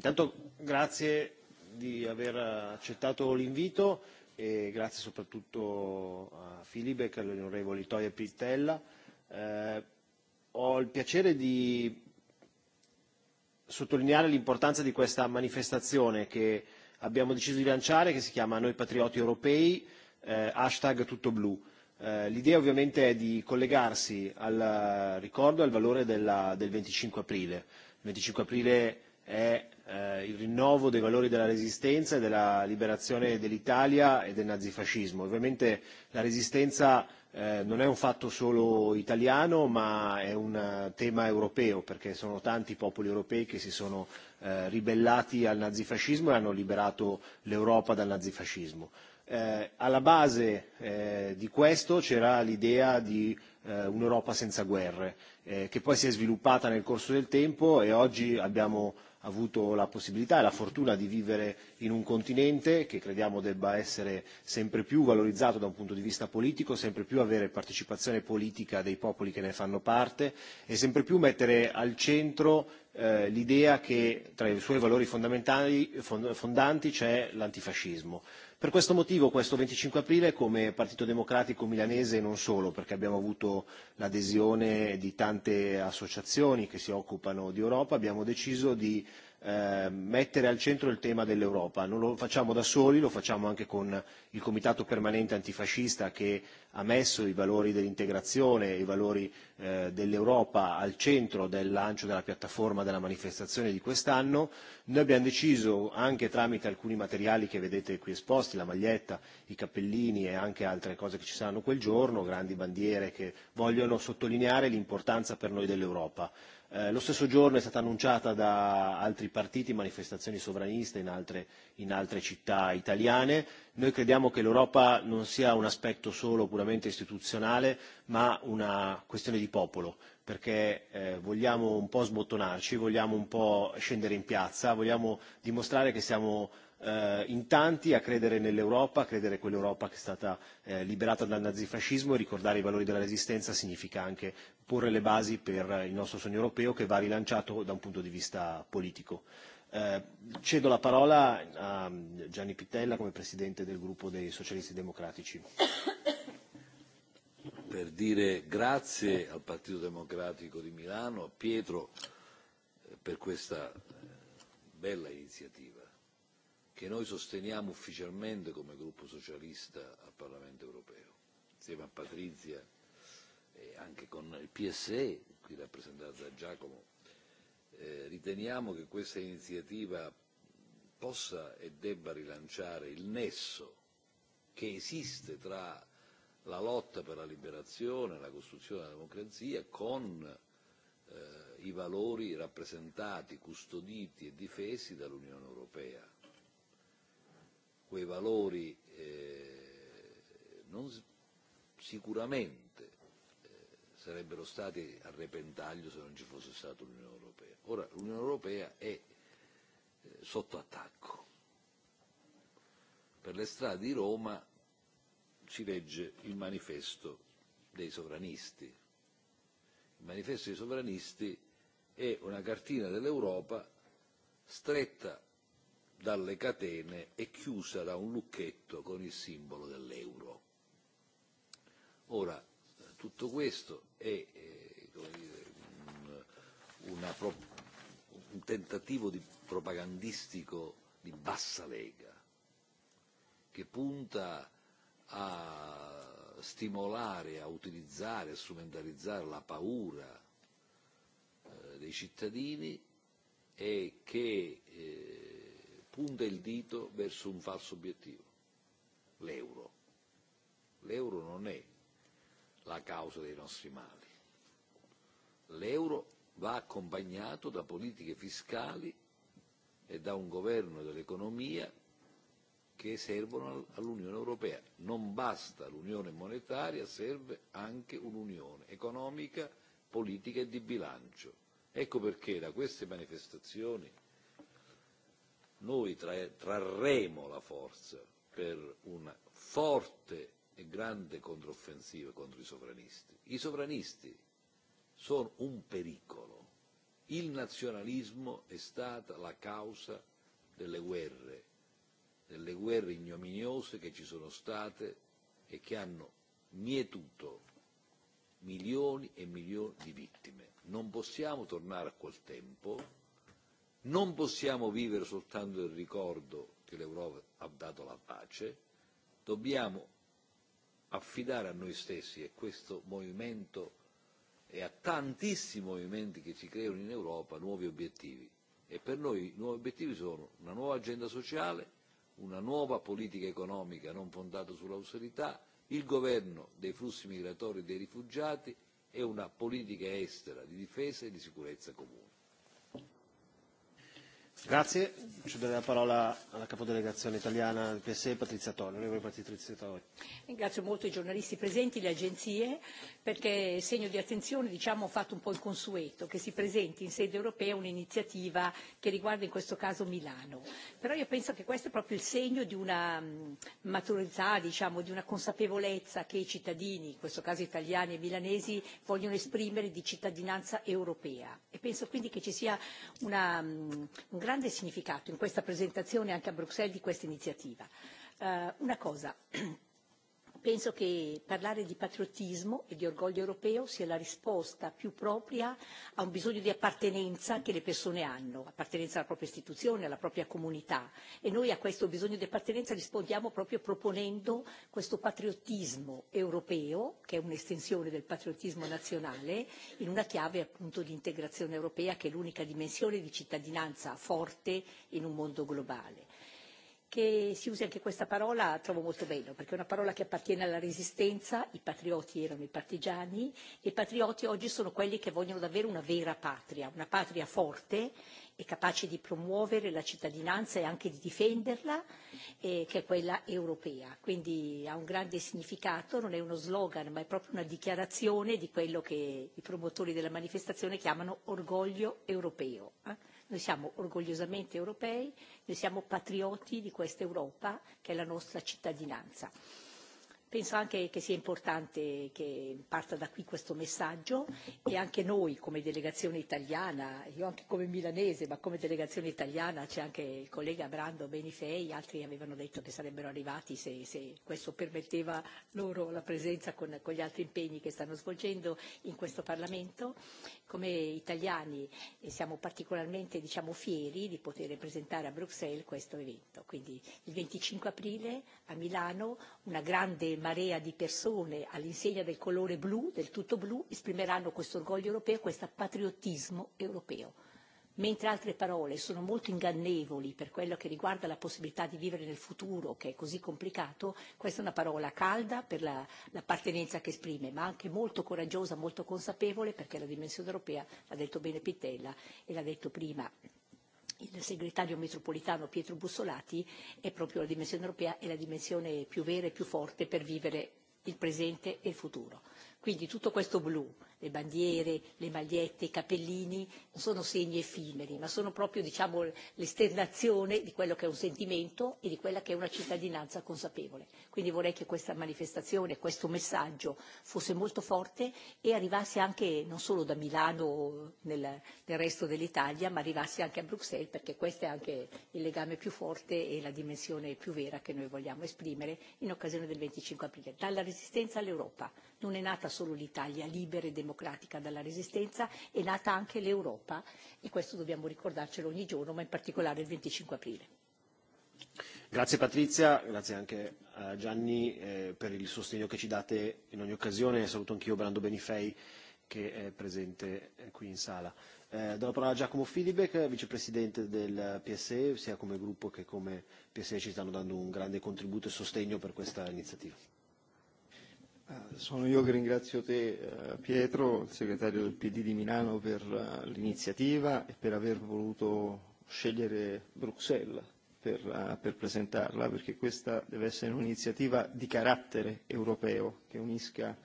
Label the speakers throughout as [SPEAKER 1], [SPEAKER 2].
[SPEAKER 1] intanto grazie di aver accettato l'invito e grazie soprattutto a Filibeck e all'onorevole Toia Pittella. Ho il piacere di sottolineare l'importanza di questa manifestazione che abbiamo deciso di lanciare, che si chiama Noi Patrioti Europei, hashtag tutto blu. L'idea ovviamente è di collegarsi al ricordo e al valore del 25 aprile. 25 aprile è il rinnovo dei valori della resistenza e della liberazione dell'Italia e del nazifascismo. Ovviamente la resistenza non è un fatto solo italiano, ma è un tema europeo, perché sono tanti popoli europei che si sono ribellati al nazifascismo e hanno liberato l'Europa dal nazifascismo. Alla base di questo c'era l'idea di un'Europa senza guerre, che poi si è sviluppata nel corso del tempo e oggi abbiamo avuto la possibilità e la fortuna di vivere in un continente che crediamo debba essere sempre più valorizzato da un punto di vista politico, sempre più avere partecipazione politica dei popoli che ne fanno parte e sempre più mettere al centro l'idea che tra i suoi valori fondamentali fondanti c'è l'antifascismo. Per questo motivo questo 25 aprile come Partito Democratico milanese e non solo perché abbiamo avuto l'adesione di tante associazioni che si occupano di Europa abbiamo deciso di mettere al centro il tema dell'Europa. Non lo facciamo da soli, lo facciamo anche con il Comitato permanente antifascista che ha messo i valori dell'integrazione, e i valori dell'Europa al centro del lancio della piattaforma della manifestazione di quest'anno. Noi abbiamo deciso, anche tramite alcuni materiali che vedete qui esposti, la maglietta, i cappellini e anche altre cose che ci saranno quel giorno, grandi bandiere che vogliono sottolineare l'importanza per noi dell'Europa. Lo stesso giorno è stata annunciata da altri partiti manifestazioni sovraniste in altre, in altre città italiane. Noi crediamo che l'Europa non sia un aspetto solo puramente istituzionale, ma una questione di popolo, perché vogliamo un po' sbottonarci, vogliamo un po' scendere in piazza, vogliamo dimostrare che siamo in tanti a credere nell'Europa, a credere quell'Europa che è stata liberata dal nazifascismo e ricordare i valori della resistenza significa anche porre le basi per il nostro sogno europeo che va rilanciato da un punto di vista politico. Cedo la parola a Gianni Pittella come Presidente del gruppo dei Socialisti Democratici
[SPEAKER 2] per dire grazie al Partito Democratico di Milano, a Pietro, per questa bella iniziativa che noi sosteniamo ufficialmente come gruppo socialista al Parlamento europeo, insieme a Patrizia e anche con il PSE, qui rappresentato da Giacomo. Riteniamo che questa iniziativa possa e debba rilanciare il nesso che esiste tra la lotta per la liberazione, la costruzione della democrazia con i valori rappresentati, custoditi e difesi dall'Unione Europea. Quei valori non sicuramente sarebbero stati a repentaglio se non ci fosse stata l'Unione Europea. Ora l'Unione Europea è sotto attacco. Per le strade di Roma si legge il manifesto dei sovranisti. Il manifesto dei sovranisti è una cartina dell'Europa stretta dalle catene e chiusa da un lucchetto con il simbolo dell'euro. Ora, tutto questo è un tentativo di propagandistico di bassa lega che punta a stimolare, a utilizzare, a strumentalizzare la paura dei cittadini e che punta il dito verso un falso obiettivo, l'euro. L'euro non è la causa dei nostri mali. L'euro va accompagnato da politiche fiscali e da un governo dell'economia che servono all'Unione Europea. Non basta l'unione monetaria, serve anche un'unione economica, politica e di bilancio. Ecco perché da queste manifestazioni noi trarremo la forza per una forte e grande controffensiva contro i sovranisti. I sovranisti sono un pericolo. Il nazionalismo è stata la causa delle guerre delle guerre ignominiose che ci sono state e che hanno mietuto milioni e milioni di vittime. Non possiamo tornare a quel tempo, non possiamo vivere soltanto il ricordo che l'Europa ha dato la pace, dobbiamo affidare a noi stessi e a questo movimento e a tantissimi movimenti che si creano in Europa nuovi obiettivi. E per noi i nuovi obiettivi sono una nuova agenda sociale, una nuova politica economica non fondata sull'austerità, il governo dei flussi migratori e dei rifugiati e una politica estera di difesa e di sicurezza comune.
[SPEAKER 1] Grazie. la parola alla italiana
[SPEAKER 3] Ringrazio molto i giornalisti presenti, le agenzie, perché segno di attenzione diciamo, ho fatto un po' il consueto, che si presenti in sede europea un'iniziativa che riguarda in questo caso Milano. Però io penso che questo è proprio il segno di una maturità, diciamo, di una consapevolezza che i cittadini, in questo caso italiani e milanesi, vogliono esprimere di cittadinanza europea. E penso quindi che ci sia una, un grande significato in questa presentazione anche a Bruxelles di questa iniziativa penso che parlare di patriottismo e di orgoglio europeo sia la risposta più propria a un bisogno di appartenenza che le persone hanno appartenenza alla propria istituzione alla propria comunità e noi a questo bisogno di appartenenza rispondiamo proprio proponendo questo patriottismo europeo che è un'estensione del patriottismo nazionale in una chiave appunto di integrazione europea che è l'unica dimensione di cittadinanza forte in un mondo globale che si usi anche questa parola trovo molto bello, perché è una parola che appartiene alla resistenza, i patrioti erano i partigiani, e i patrioti oggi sono quelli che vogliono davvero una vera patria, una patria forte e capace di promuovere la cittadinanza e anche di difenderla, che è quella europea. Quindi ha un grande significato, non è uno slogan, ma è proprio una dichiarazione di quello che i promotori della manifestazione chiamano orgoglio europeo Noi siamo orgogliosamente europei, noi siamo patrioti di questa Europa che è la nostra cittadinanza. Penso anche che sia importante che parta da qui questo messaggio e anche noi come delegazione italiana, io anche come milanese, ma come delegazione italiana c'è anche il collega Brando Benifei, altri avevano detto che sarebbero arrivati se, se questo permetteva loro la presenza con, con gli altri impegni che stanno svolgendo in questo Parlamento. Come italiani siamo particolarmente diciamo, fieri di poter presentare a Bruxelles questo evento. Quindi il 25 aprile a Milano una grande marea di persone all'insegna del colore blu, del tutto blu, esprimeranno questo orgoglio europeo, questo patriottismo europeo. Mentre altre parole sono molto ingannevoli per quello che riguarda la possibilità di vivere nel futuro, che è così complicato, questa è una parola calda per l'appartenenza che esprime, ma anche molto coraggiosa, molto consapevole, perché la dimensione europea, l'ha detto bene Pittella e l'ha detto prima il segretario metropolitano Pietro Bussolati è proprio la dimensione europea è la dimensione più vera e più forte per vivere il presente e il futuro. Quindi tutto questo blu le bandiere, le magliette, i capellini non sono segni effimeri, ma sono proprio diciamo, l'esternazione di quello che è un sentimento e di quella che è una cittadinanza consapevole. Quindi vorrei che questa manifestazione, questo messaggio fosse molto forte e arrivasse anche non solo da Milano o nel resto dell'Italia, ma arrivasse anche a Bruxelles, perché questo è anche il legame più forte e la dimensione più vera che noi vogliamo esprimere in occasione del 25 aprile. Dalla resistenza all'Europa. Non è nata solo l'Italia libera e democratica dalla resistenza è nata anche l'Europa e questo dobbiamo ricordarcelo ogni giorno, ma in particolare il 25 aprile.
[SPEAKER 1] Grazie Patrizia, grazie anche a Gianni per il sostegno che ci date in ogni occasione. Saluto anch'io Brando Benifei che è presente qui in sala. Do la parola a Giacomo Filibeck, vicepresidente del PSE, sia come gruppo che come PSE ci stanno dando un grande contributo e sostegno per questa iniziativa.
[SPEAKER 4] Sono io che ringrazio te Pietro, il segretario del PD di Milano, per l'iniziativa e per aver voluto scegliere Bruxelles per, per presentarla, perché questa deve essere un'iniziativa di carattere europeo che unisca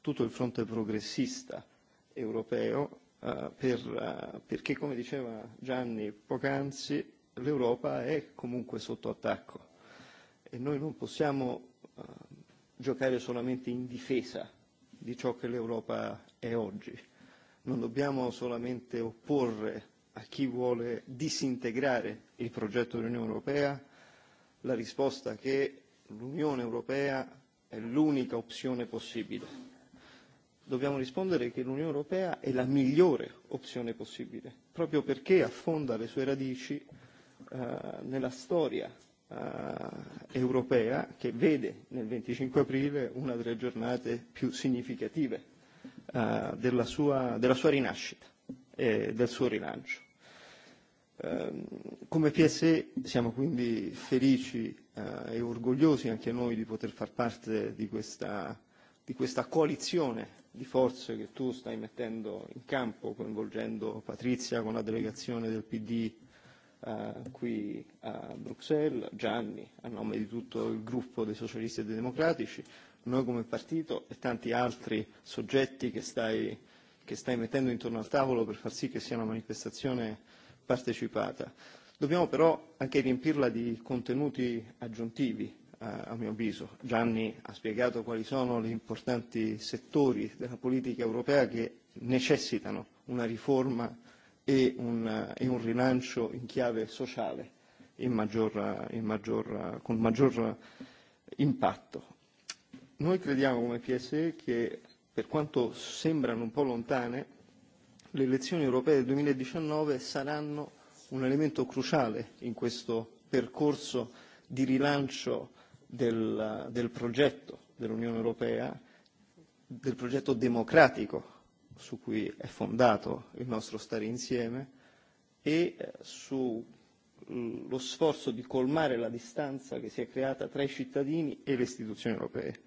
[SPEAKER 4] tutto il fronte progressista europeo, per, perché come diceva Gianni poc'anzi, l'Europa è comunque sotto attacco e noi non possiamo giocare solamente in difesa di ciò che l'Europa è oggi. Non dobbiamo solamente opporre a chi vuole disintegrare il progetto dell'Unione Europea la risposta che l'Unione Europea è l'unica opzione possibile. Dobbiamo rispondere che l'Unione Europea è la migliore opzione possibile, proprio perché affonda le sue radici nella storia europea che vede nel 25 aprile una delle giornate più significative della sua della sua rinascita e del suo rilancio. Come PSE siamo quindi felici e orgogliosi anche noi di poter far parte di questa di questa coalizione di forze che tu stai mettendo in campo coinvolgendo Patrizia con la delegazione del PD qui a Bruxelles, Gianni, a nome di tutto il gruppo dei socialisti e dei democratici, noi come partito e tanti altri soggetti che stai, che stai mettendo intorno al tavolo per far sì che sia una manifestazione partecipata. Dobbiamo però anche riempirla di contenuti aggiuntivi, a mio avviso. Gianni ha spiegato quali sono gli importanti settori della politica europea che necessitano una riforma e un, e un rilancio in chiave sociale in maggior, in maggior, con maggior impatto. Noi crediamo come PSE che, per quanto sembrano un po' lontane, le elezioni europee del 2019 saranno un elemento cruciale in questo percorso di rilancio del, del progetto dell'Unione Europea, del progetto democratico su cui è fondato il nostro stare insieme e su lo sforzo di colmare la distanza che si è creata tra i cittadini e le istituzioni europee.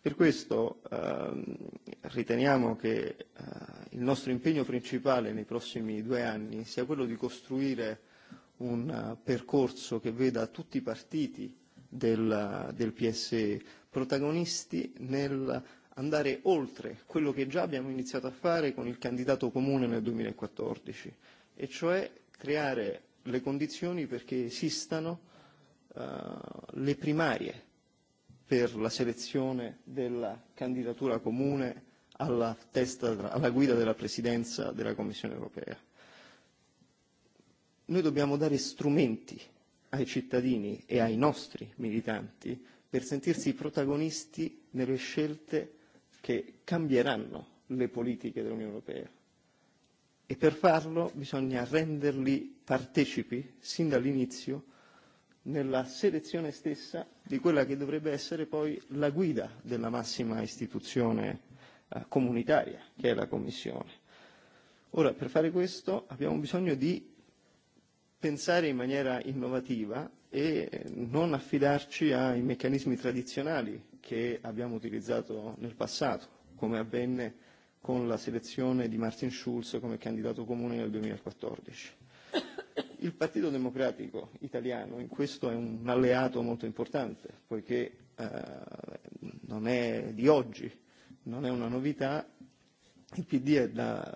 [SPEAKER 4] Per questo riteniamo che il nostro impegno principale nei prossimi due anni sia quello di costruire un percorso che veda tutti i partiti del PSE protagonisti nel andare oltre quello che già abbiamo iniziato a fare con il candidato comune nel 2014 e cioè creare le condizioni perché esistano le primarie per la selezione della candidatura comune alla testa alla guida della presidenza della Commissione europea. Noi dobbiamo dare strumenti ai cittadini e ai nostri militanti per sentirsi protagonisti nelle scelte che cambieranno le politiche dell'Unione Europea e per farlo bisogna renderli partecipi sin dall'inizio nella selezione stessa di quella che dovrebbe essere poi la guida della massima istituzione comunitaria che è la Commissione. Ora, per fare questo abbiamo bisogno di pensare in maniera innovativa e non affidarci ai meccanismi tradizionali che abbiamo utilizzato nel passato, come avvenne con la selezione di Martin Schulz come candidato comune nel 2014. Il Partito Democratico italiano in questo è un alleato molto importante, poiché non è di oggi, non è una novità. Il PD è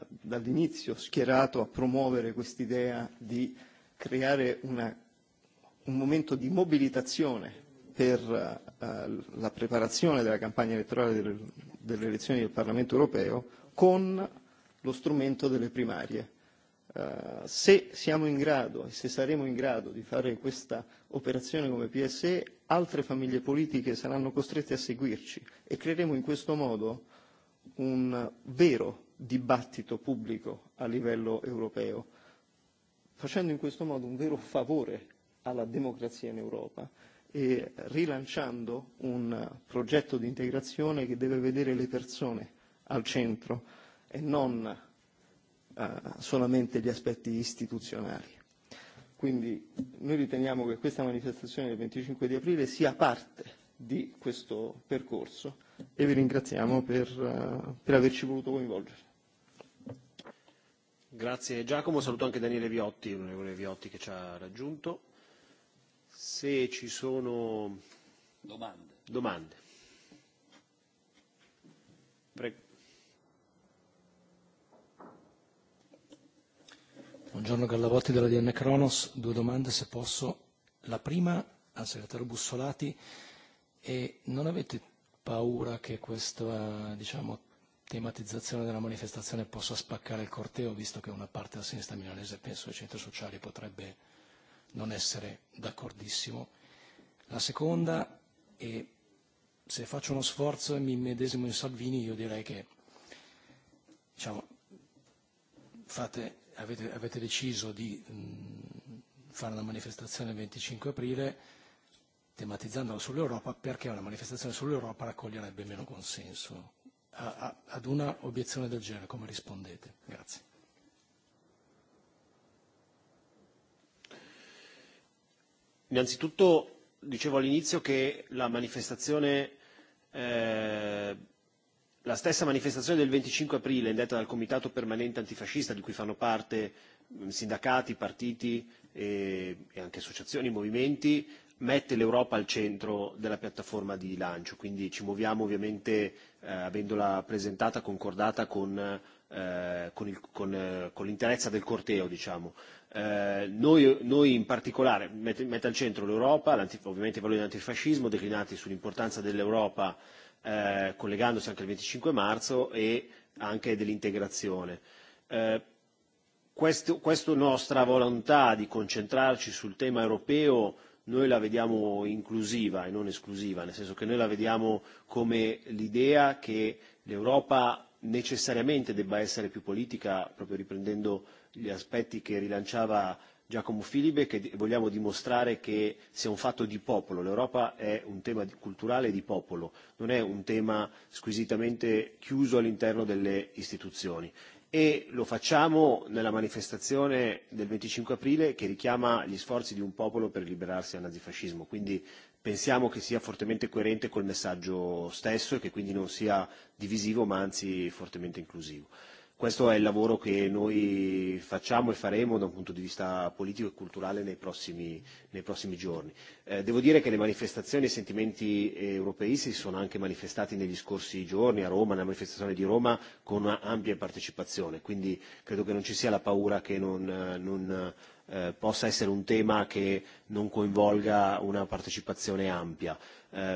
[SPEAKER 4] dall'inizio schierato a promuovere quest'idea di creare una un momento di mobilitazione per la preparazione della campagna elettorale delle elezioni del Parlamento europeo con lo strumento delle primarie. Se siamo in grado e se saremo in grado di fare questa operazione come PSE, altre famiglie politiche saranno costrette a seguirci e creeremo in questo modo un vero dibattito pubblico a livello europeo, facendo in questo modo un vero favore alla democrazia in Europa e rilanciando un progetto di integrazione che deve vedere le persone al centro e non solamente gli aspetti istituzionali. Quindi noi riteniamo che questa manifestazione del 25 di aprile sia parte di questo percorso e vi ringraziamo per, per averci voluto coinvolgere.
[SPEAKER 1] Grazie Giacomo, saluto anche Daniele Viotti, l'onorevole Viotti che ci ha raggiunto se ci sono domande. domande. Prego.
[SPEAKER 5] Buongiorno Gallavotti della DN Cronos, due domande se posso. La prima al segretario Bussolati e non avete paura che questa diciamo, tematizzazione della manifestazione possa spaccare il corteo, visto che una parte della sinistra milanese, penso ai centri sociali, potrebbe non essere d'accordissimo. La seconda, e se faccio uno sforzo e mi medesimo in Salvini, io direi che diciamo, fate, avete, avete deciso di fare una manifestazione il 25 aprile tematizzandola sull'Europa perché una manifestazione sull'Europa raccoglierebbe meno consenso. Ad una obiezione del genere come rispondete? Grazie.
[SPEAKER 1] innanzitutto dicevo all'inizio che la manifestazione la stessa manifestazione del 25 aprile indetta dal Comitato Permanente Antifascista di cui fanno parte sindacati, partiti e anche associazioni, movimenti, mette l'Europa al centro della piattaforma di lancio, quindi ci muoviamo ovviamente avendola presentata, concordata con con l'interezza del corteo diciamo noi in particolare mette al centro l'Europa ovviamente i valori dell'antifascismo declinati sull'importanza dell'Europa collegandosi anche al 25 marzo e anche dell'integrazione questa nostra volontà di concentrarci sul tema europeo noi la vediamo inclusiva e non esclusiva nel senso che noi la vediamo come l'idea che l'Europa necessariamente debba essere più politica, proprio riprendendo gli aspetti che rilanciava Giacomo Filibe, che vogliamo dimostrare che sia un fatto di popolo. L'Europa è un tema culturale di popolo, non è un tema squisitamente chiuso all'interno delle istituzioni. E lo facciamo nella manifestazione del 25 aprile che richiama gli sforzi di un popolo per liberarsi dal nazifascismo. Quindi pensiamo che sia fortemente coerente col messaggio stesso e che quindi non sia divisivo ma anzi fortemente inclusivo. Questo è il lavoro che noi facciamo e faremo da un punto di vista politico e culturale nei prossimi, nei prossimi giorni. Devo dire che le manifestazioni e i sentimenti europeisti si sono anche manifestati negli scorsi giorni a Roma, nella manifestazione di Roma, con ampia partecipazione, quindi credo che non ci sia la paura che non, non possa essere un tema che non coinvolga una partecipazione ampia.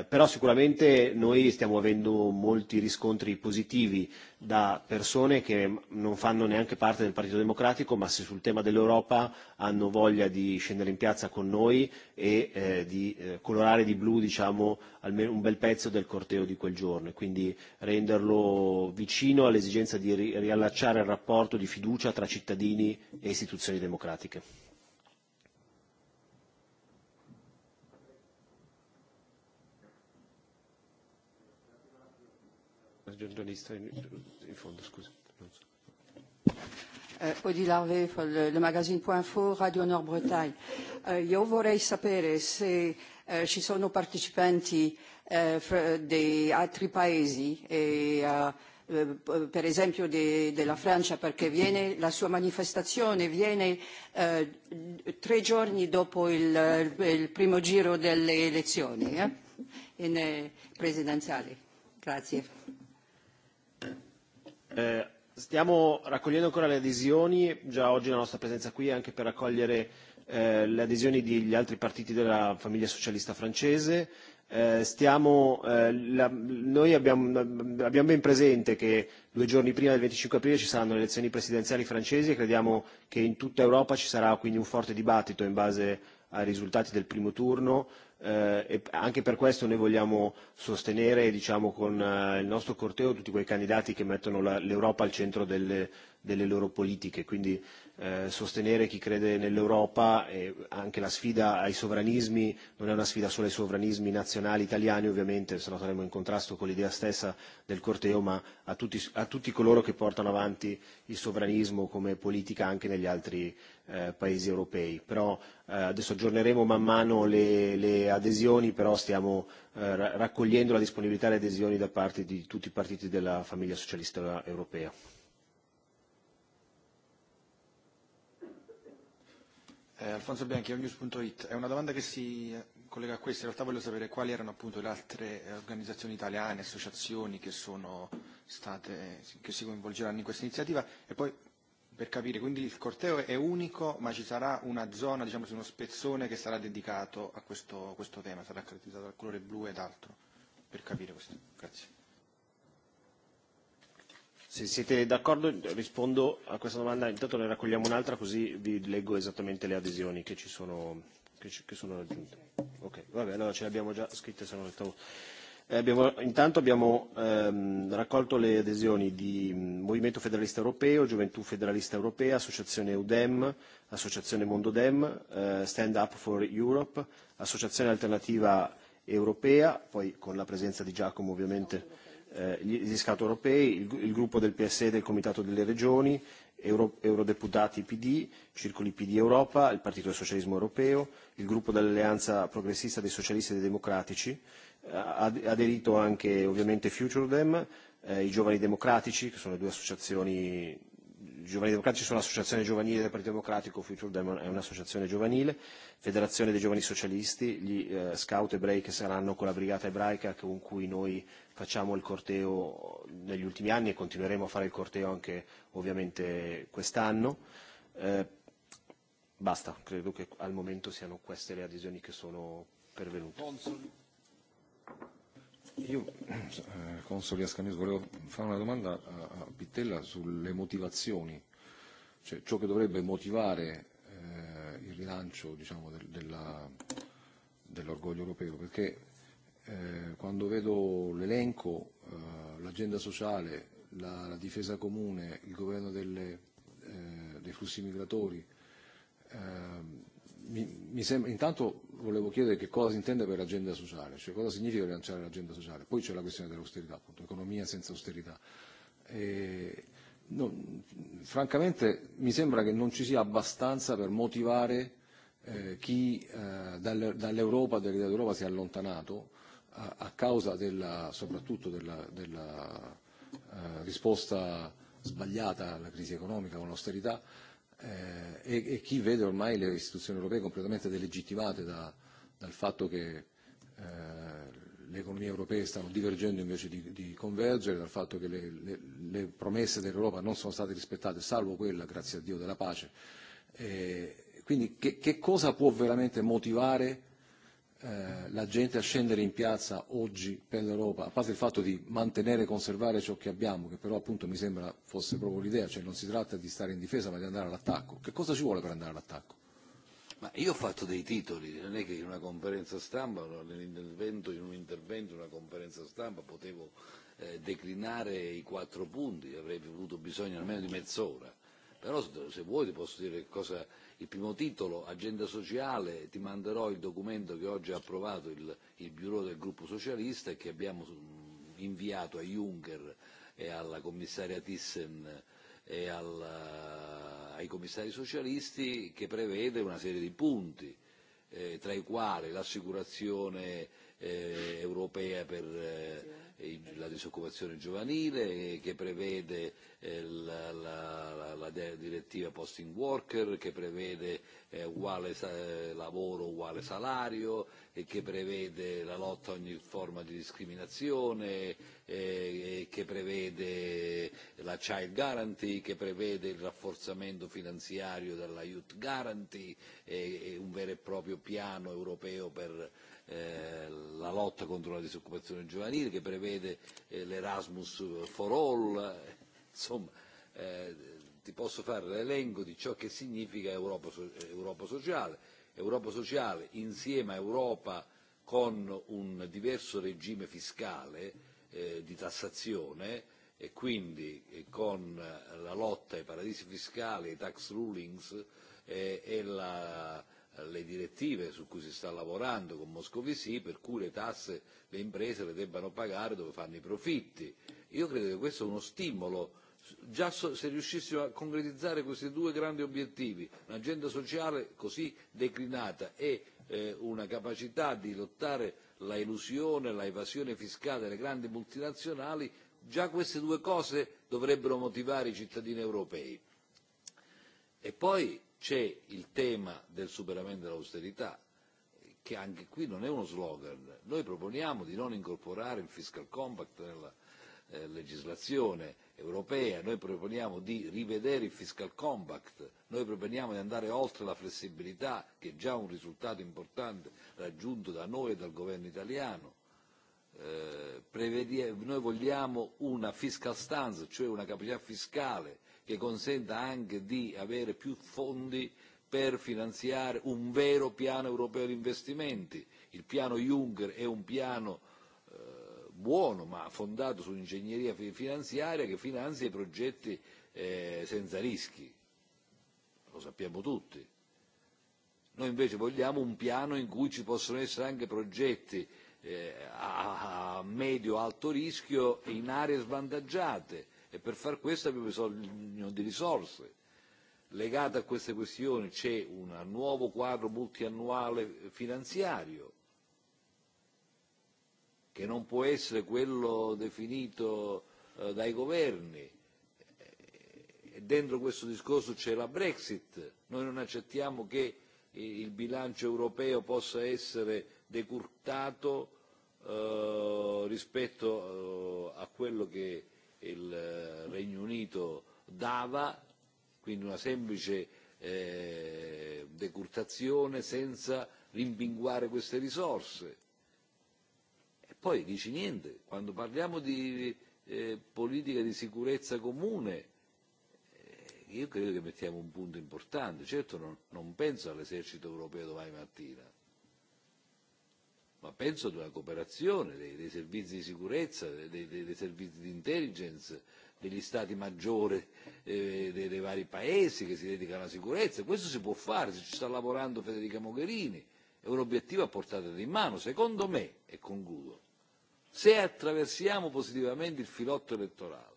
[SPEAKER 1] Però sicuramente noi stiamo avendo molti riscontri positivi da persone che non fanno neanche parte del Partito Democratico, ma se sul tema dell'Europa hanno voglia di scendere in piazza con noi e di colorare di blu diciamo almeno un bel pezzo del corteo di quel giorno e quindi renderlo vicino all'esigenza di riallacciare il rapporto di fiducia tra cittadini e istituzioni democratiche. giornalista in fondo, scusa.
[SPEAKER 3] le magazine Point Radio Nord Bretagne. Io vorrei sapere se ci sono partecipanti di altri paesi, per esempio della Francia, perché viene la sua manifestazione viene tre giorni dopo il primo giro delle elezioni presidenziali.
[SPEAKER 1] Grazie. Stiamo raccogliendo ancora le adesioni, già oggi la nostra presenza qui è anche per raccogliere le adesioni degli altri partiti della famiglia socialista francese. Stiamo, noi abbiamo ben presente che due giorni prima del 25 aprile ci saranno le elezioni presidenziali francesi e crediamo che in tutta Europa ci sarà quindi un forte dibattito in base ai risultati del primo turno e anche per questo noi vogliamo sostenere diciamo con il nostro corteo tutti quei candidati che mettono l'Europa al centro delle delle loro politiche, quindi sostenere chi crede nell'Europa e anche la sfida ai sovranismi non è una sfida solo ai sovranismi nazionali italiani ovviamente, se no saremmo in contrasto con l'idea stessa del corteo, ma a tutti, a tutti coloro che portano avanti il sovranismo come politica anche negli altri paesi europei. Però adesso aggiorneremo man mano le, le adesioni, però stiamo raccogliendo la disponibilità alle adesioni da parte di tutti i partiti della famiglia socialista europea.
[SPEAKER 5] Alfonso Bianchi, News.it. È una domanda che si collega a questa. In realtà voglio sapere quali erano appunto le altre organizzazioni italiane, associazioni che sono state, che si coinvolgeranno in questa iniziativa e poi per capire, quindi il corteo è unico ma ci sarà una zona, diciamo uno spezzone che sarà dedicato a questo, questo tema, sarà caratterizzato dal colore blu ed altro, per capire questo. Grazie.
[SPEAKER 1] Se siete d'accordo rispondo a questa domanda, intanto ne raccogliamo un'altra così vi leggo esattamente le adesioni che ci sono, che, che sono raggiunte. Ok, vabbè, allora ce le abbiamo già scritte, se non abbiamo, intanto abbiamo raccolto le adesioni di Movimento Federalista Europeo, Gioventù Federalista Europea, Associazione UDEM, Associazione Mondo DEM, Stand Up for Europe, Associazione Alternativa Europea, poi con la presenza di Giacomo ovviamente gli scato europei, il gruppo del PSE del Comitato delle Regioni, eurodeputati PD, circoli PD Europa, il Partito del Socialismo Europeo, il gruppo dell'Alleanza Progressista dei Socialisti e dei Democratici, ha aderito anche ovviamente Future Dem, i Giovani Democratici, che sono le due associazioni Giovani Democratici sono l'associazione giovanile del Partito Democratico, Future Demon è un'associazione giovanile, Federazione dei Giovani Socialisti, gli Scout ebrei che saranno con la Brigata Ebraica con cui noi facciamo il corteo negli ultimi anni e continueremo a fare il corteo anche ovviamente quest'anno. Basta, credo che al momento siano queste le adesioni che
[SPEAKER 5] sono pervenute. Io, Consoli Ascanius, volevo fare una domanda a Pittella sulle motivazioni, cioè ciò che dovrebbe motivare il rilancio diciamo, dell'orgoglio europeo, perché quando vedo l'elenco, l'agenda sociale, la difesa comune, il governo dei flussi migratori, mi sembra intanto volevo chiedere che cosa si intende per agenda sociale, cioè cosa significa rilanciare l'agenda sociale. Poi c'è la questione dell'austerità, appunto, economia senza austerità. Francamente mi sembra che non ci sia abbastanza per motivare chi dall'Europa, dall'idea d'Europa si è allontanato a causa della, soprattutto della, della risposta sbagliata alla crisi economica con l'austerità e chi vede ormai le istituzioni europee completamente delegittimate dal fatto che le economie europee stanno divergendo invece di convergere, dal fatto che le promesse dell'Europa non sono state rispettate, salvo quella, grazie a Dio, della pace. Quindi che cosa può veramente motivare la gente a scendere in piazza oggi per l'Europa, a parte il fatto di mantenere e conservare ciò che abbiamo, che però appunto mi sembra fosse proprio l'idea, cioè non si tratta di stare in difesa ma di andare all'attacco. Che cosa ci vuole per andare all'attacco?
[SPEAKER 2] Ma io ho fatto dei titoli, non è che in una conferenza stampa, nell'intervento, in un intervento, in una conferenza stampa potevo declinare i quattro punti, avrei avuto bisogno almeno di mezz'ora. Però se vuoi ti posso dire cosa Il primo titolo, Agenda sociale, ti manderò il documento che oggi ha approvato il, il Bureau del Gruppo Socialista e che abbiamo inviato a Juncker e alla commissaria Thyssen e al, ai commissari socialisti che prevede una serie di punti, tra i quali l'assicurazione europea per la disoccupazione giovanile, che prevede la, la, la direttiva posting worker, che prevede uguale lavoro, uguale salario, e che prevede la lotta a ogni forma di discriminazione, e che prevede la Child Guarantee, che prevede il rafforzamento finanziario della Youth Guarantee, e un vero e proprio piano europeo per la lotta contro la disoccupazione giovanile, che prevede l'Erasmus for all, insomma ti posso fare l'elenco di ciò che significa Europa sociale. Europa sociale insieme a Europa con un diverso regime fiscale di tassazione e quindi con la lotta ai paradisi fiscali, ai tax rulings e la le direttive su cui si sta lavorando con Moscovici per cui le tasse le imprese le debbano pagare dove fanno i profitti. Io credo che questo è uno stimolo già se riuscissimo a concretizzare questi due grandi obiettivi un'agenda sociale così declinata e una capacità di lottare la elusione l'evasione fiscale delle grandi multinazionali già queste due cose dovrebbero motivare i cittadini europei. E poi C'è il tema del superamento dell'austerità, che anche qui non è uno slogan. Noi proponiamo di non incorporare il fiscal compact nella legislazione europea, noi proponiamo di rivedere il fiscal compact, noi proponiamo di andare oltre la flessibilità, che è già un risultato importante raggiunto da noi e dal governo italiano. Noi vogliamo una fiscal stance, cioè una capacità fiscale che consenta anche di avere più fondi per finanziare un vero piano europeo di investimenti. Il piano Juncker è un piano buono ma fondato su finanziaria che finanzia i progetti senza rischi. Lo sappiamo tutti. Noi invece vogliamo un piano in cui ci possono essere anche progetti a medio-alto rischio in aree svantaggiate e per far questo abbiamo bisogno di risorse. Legate a queste questioni c'è un nuovo quadro multiannuale finanziario che non può essere quello definito dai governi. E dentro questo discorso c'è la Brexit. Noi non accettiamo che il bilancio europeo possa essere decurtato rispetto a quello che il Regno Unito dava, quindi una semplice decurtazione senza rimpinguare queste risorse. E poi dici niente, quando parliamo di politica di sicurezza comune, io credo che mettiamo un punto importante, certo non penso all'esercito europeo domani mattina ma penso ad una cooperazione dei servizi di sicurezza, dei servizi di intelligence, degli stati maggiori dei vari paesi che si dedicano alla sicurezza. Questo si può fare, se ci sta lavorando Federica Mogherini, è un obiettivo a portata di mano, secondo me, e concludo, se attraversiamo positivamente il filotto elettorale,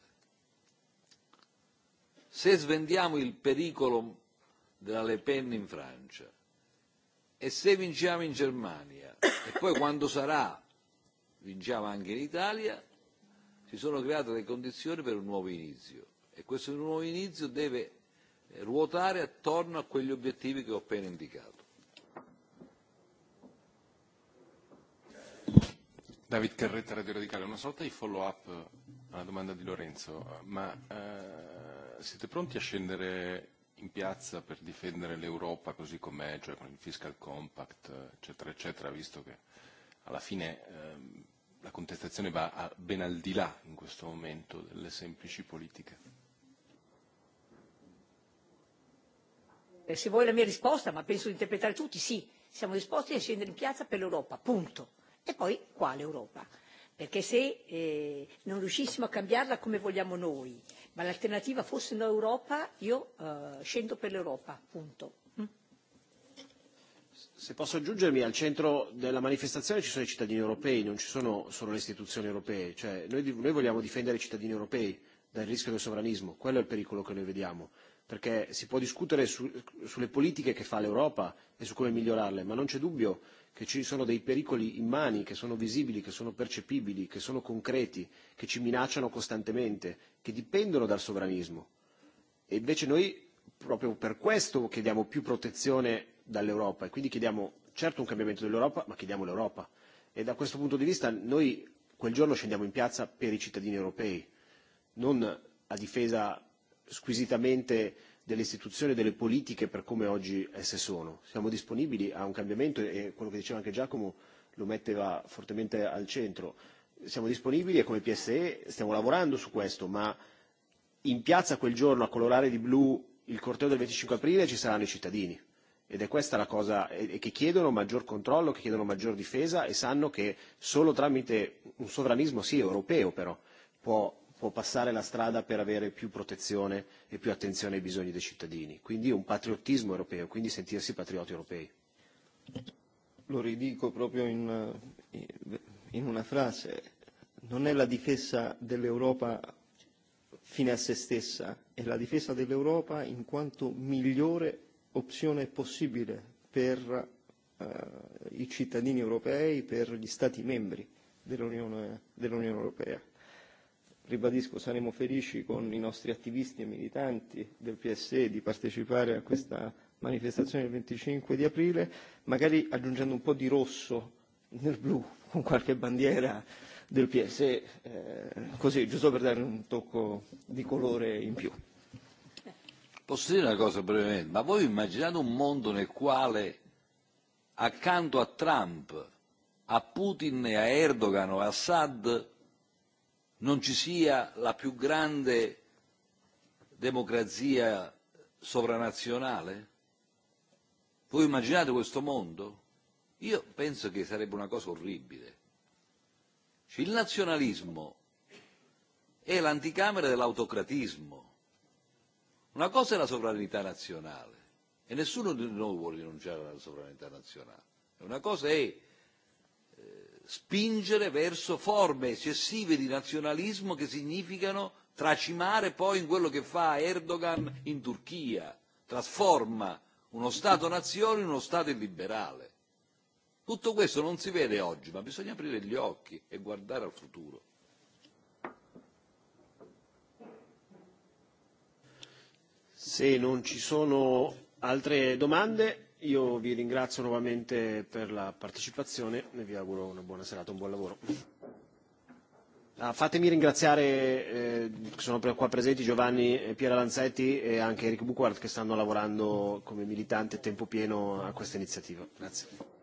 [SPEAKER 2] se svendiamo il pericolo della Le Pen in Francia, e se vinciamo in Germania e poi quando sarà vinciamo anche in Italia, si sono create le condizioni per un nuovo inizio e questo nuovo inizio deve ruotare attorno a quegli obiettivi che ho appena indicato.
[SPEAKER 5] David Carretta, Radio Radicale, una sorta di follow-up alla domanda di Lorenzo, ma siete pronti a scendere in piazza per difendere l'Europa così com'è, cioè con il fiscal compact, eccetera, eccetera, visto che alla fine la contestazione va ben al di là in questo momento delle semplici politiche.
[SPEAKER 3] Se vuoi la mia risposta, ma penso di interpretare tutti, sì, siamo disposti a scendere in piazza per l'Europa, punto. E poi quale Europa? Perché se non riuscissimo a cambiarla come vogliamo noi, ma l'alternativa fosse l'Europa, io scendo per l'Europa, punto.
[SPEAKER 1] Se posso aggiungermi, al centro della manifestazione ci sono i cittadini europei, non ci sono solo le istituzioni europee, cioè noi vogliamo difendere i cittadini europei dal rischio del sovranismo, quello è il pericolo che noi vediamo, perché si può discutere sulle politiche che fa l'Europa e su come migliorarle, ma non c'è dubbio che ci sono dei pericoli immani, che sono visibili, che sono percepibili, che sono concreti, che ci minacciano costantemente, che dipendono dal sovranismo. E invece noi proprio per questo chiediamo più protezione dall'Europa e quindi chiediamo certo un cambiamento dell'Europa, ma chiediamo l'Europa. E da questo punto di vista noi quel giorno scendiamo in piazza per i cittadini europei, non a difesa squisitamente delle istituzioni e delle politiche per come oggi esse sono. Siamo disponibili a un cambiamento e quello che diceva anche Giacomo lo metteva fortemente al centro. Siamo disponibili e come PSE stiamo lavorando su questo, ma in piazza quel giorno a colorare di blu il corteo del 25 aprile ci saranno i cittadini ed è questa la cosa che chiedono maggior controllo, che chiedono maggior difesa e sanno che solo tramite un sovranismo sì europeo però può può passare la strada per avere più protezione e più attenzione ai bisogni dei cittadini. Quindi un patriottismo europeo, quindi sentirsi patrioti europei. Lo ridico
[SPEAKER 4] proprio in, in una frase. Non è la difesa dell'Europa fine a se stessa, è la difesa dell'Europa in quanto migliore opzione possibile per i cittadini europei, per gli Stati membri dell'Unione Europea ribadisco saremo felici con i nostri attivisti e militanti del PSE di partecipare a questa manifestazione il 25 di aprile, magari aggiungendo un po' di rosso nel blu con qualche bandiera del PSE, così giusto per dare un tocco di colore in più.
[SPEAKER 2] Posso dire una cosa brevemente, ma voi immaginate un mondo nel quale accanto a Trump, a Putin e a Erdogan o a Assad non ci sia la più grande democrazia sovranazionale? Voi immaginate questo mondo? Io penso che sarebbe una cosa orribile. Il nazionalismo è l'anticamera dell'autocratismo. Una cosa è la sovranità nazionale e nessuno di noi vuole rinunciare alla sovranità nazionale. Una cosa è spingere verso forme eccessive di nazionalismo che significano tracimare poi in quello che fa Erdogan in Turchia, trasforma uno Stato-nazione in uno Stato illiberale. Tutto questo non si vede oggi, ma bisogna aprire gli occhi e guardare al futuro.
[SPEAKER 1] Se non ci sono altre domande Io vi ringrazio nuovamente per la partecipazione e vi auguro una buona serata, un buon lavoro. Fatemi ringraziare, sono qua presenti Giovanni Piera Lanzetti e anche Eric Buquart che stanno lavorando come militante a tempo pieno a questa iniziativa. Grazie.